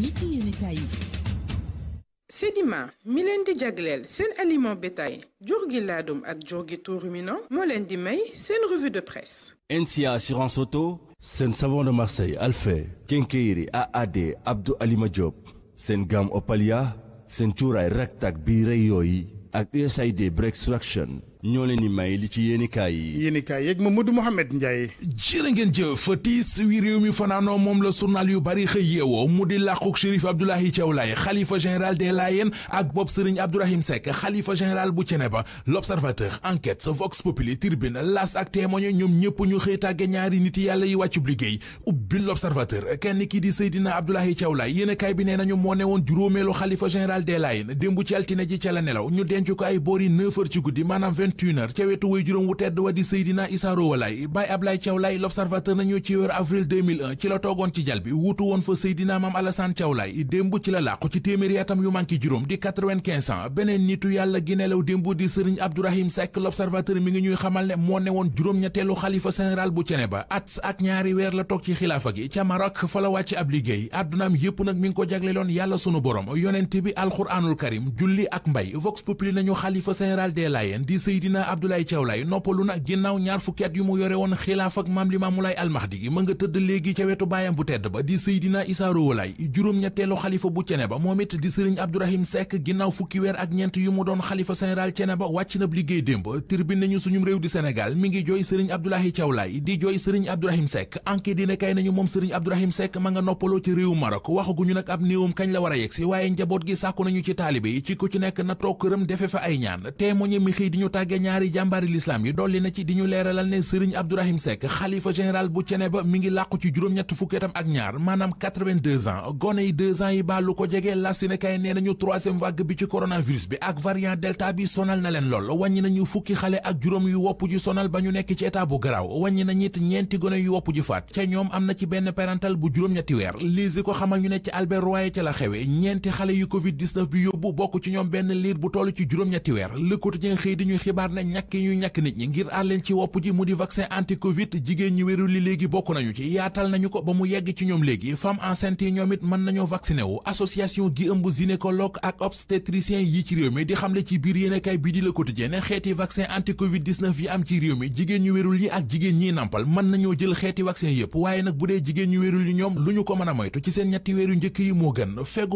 li ci yéenekaay yi Sedima mi leen di jagleel seen aliment bétail jur gi laadum ak jur gi tout moo leen di may seen revue de presse NCA assurance auto seen savon de Marseille Alfé Kenkeyri AAD Abdou Alima Diop seen gamme Opalia seen cuuraay raktak bi rey ak USAID Breakthrough Action ñoo leen di may li ci yéenikaay yi yéenikaay yeeg Mamadou Mouhamed Ndiaye jërë ngeen jëf tiis wi réew mi fanaanoo moom la journal yu bari xëy yeewoo mu di làquk Chérif Abdoulahi Thiaw Laye xalifa général des Layènes ak bopp Serigne Abdourahim Seck xalifa général bu Ceneba L'Observateur Enquête Vox Populi Tribune L'As ak Témoin ñoom ñëpp ñu xëy tàgge ñaari nit yàlla yi wàccub liggéey ubbi L'Observateur kenn ki di Seydina Abdoulahi Thiaw Laye yéenikaay bi nee nañu moo ne woon juróomeelu xalifa général des Layènes démb ci altine la nelaw ñu denc ko ay boori 9 heures ci 21 heures ca wetu way juróom wu tedd wa di Seydina Issa Rohou Laye Baye Ablaye Thiaw Laye nañu ci weeru avril ci la toogoon ci jal bi wuutu woon fa Seydina Mame Alassane Thiaw démb ci la làqu ci téeméeri atam yu manki juróom di beneen nitu yàlla gi nelaw démb di Serigne Abdourahim Seck l'Observateur mi ngi ñuy xamal ne moo ne woon juróom-ñetteelu xalifa général bu Ceneba at ak ñaari weer la toog ci xilaafa gi ca Maroc fa la wàcc ab liggéey ko jagleloon yàlla sunu borom yonent bi alxuraanul karim julli ak mbay Seydina Abdoulaye Thiaw Laye noppalu na ginnaaw ñaar fukki yu mu yore woon xilaaf ak maam Limaamu Laay almahdi gi ma nga tëdd léegi ca wetu baayam bu tedd ba di Seydina Issa Rohou Laye juróom-ñetteelu xalifa bu Ceneba moom it di Sëriñ Abdourahim Seck ginnaaw fukki weer ak ñeent yu mu doon xalifa général Ceneba wàcc na liggéey démb tribune nañu suñum réew di Sénégal mi ngi jooy Sëriñ Abdoulaye Thiaw Laye di jooy Sëriñ Abdourahim Seck enquête dina kay nañu moom Sëriñ Abdourahim a yegsi waaye njaboot gi sàkku nañu ci taalibe yi ci ku ci nekk na toog ga ñaari jàmbaari lislaam yi dolli na ci di ñu leeralal ne sëriñ Abdourahim Seck xalifa général bu cene ba mi ngi làqu ci juróom-ñett fukkeetam ak ñaar maanaam 82 ans gone yi 2 ans yi ba lu ko jege la sinekaay nee nañu troisième vague bi ci coronavirus bi ak variant delta bi sonal na leen lool wàññi nañu fukki xale ak juróom yu wopp ji sonal ba ñu nekk ci état bu garaaw wàññi na ñit ñeenti gone yu woppu ji faat ca ñoom am na ci benn parental bu juróom-ñetti weer lise ko ne ci Albert la xewe xale yu covid 19 bi yóbbu bokk ci ñoom benn liir bu toll ci juróom-ñetti weer xibaar na ñàkk ñu ñàkk nit ñi ngir àlleen ci wopp ji mu di vaccin anti covid jigéen ñi wéru li léegi bokk nañu ci yaatal nañu ko ba mu yegg ci ñoom léegi femme enceinte yi ñoom it mën yi ci réew di xamle ci bi di Le Quotidien ne xeeti vaccin anti covid 19 yi am ci réew mi jigéen ñu wérul bu dee jigéen ñu wérul ñi ñoom lu ñu ko mën a moytu ci seen yi moo gën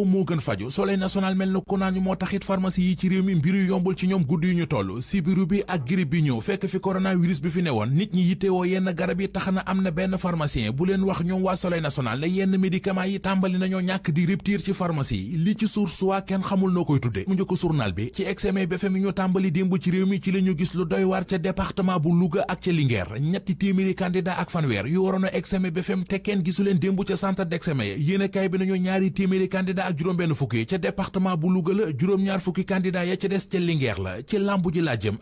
moo gën faju soleil national mel na ku naan moo taxit pharmacie yi ci réew mi mbiru yombul ci ñoom gudd yu ñu toll bi rubi ak grippe bi ñëw fekk fi coronavirus bi fi ne woon nit ñi yittewoo yenn garab yi tax na am na benn pharmacien bu leen wax ñoom waa Soleil ne yenn médicament yi tàmbali nañoo ñàkk di rupture ci pharmacie li ci suur suwaa kenn xamul noo koy tudde mu njëkk journal bi ci examen BFEM yi ñu tàmbali démb ci réew mi ci la gis lu doy ca département bu Louga ak ca Linguère ñetti téeméeri candidat ak fanweer yu waroon a examen BFEM te kenn gisu leen démb ca centre d'examen ya a kaay bi nañu ñaari téeméeri candidat ak juróom benn fukki ca département bu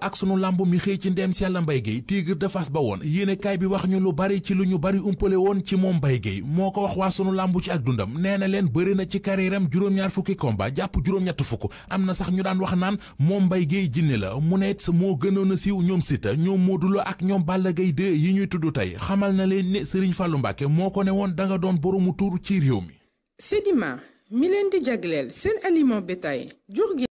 ak sunu làmbu mi xëy ci ndeem si mbay Mbaye Gueye Tigre de Fass ba woon yéene kaay bi wax ñu lu bari ci lu ñu bari umpale woon ci moom mbay Gueye moo ko wax waa sunu lamb ci ak dundam nee na leen bëri na ci carrière am juróom-ñaar fukki combat jàpp juróom-ñett fukk am na sax ñu daan wax naan moom mbay Gueye jinne la mu ne it moo gënoon a siiw ñoom Siteu ñoom Modou Lo ak ñoom Balla gay 2 yi ñuy tudd tey xamal na leen ni Serigne Fallou Mbacke moo ko ne woon danga doon boromu tur ci réew mi mi leen di jagleel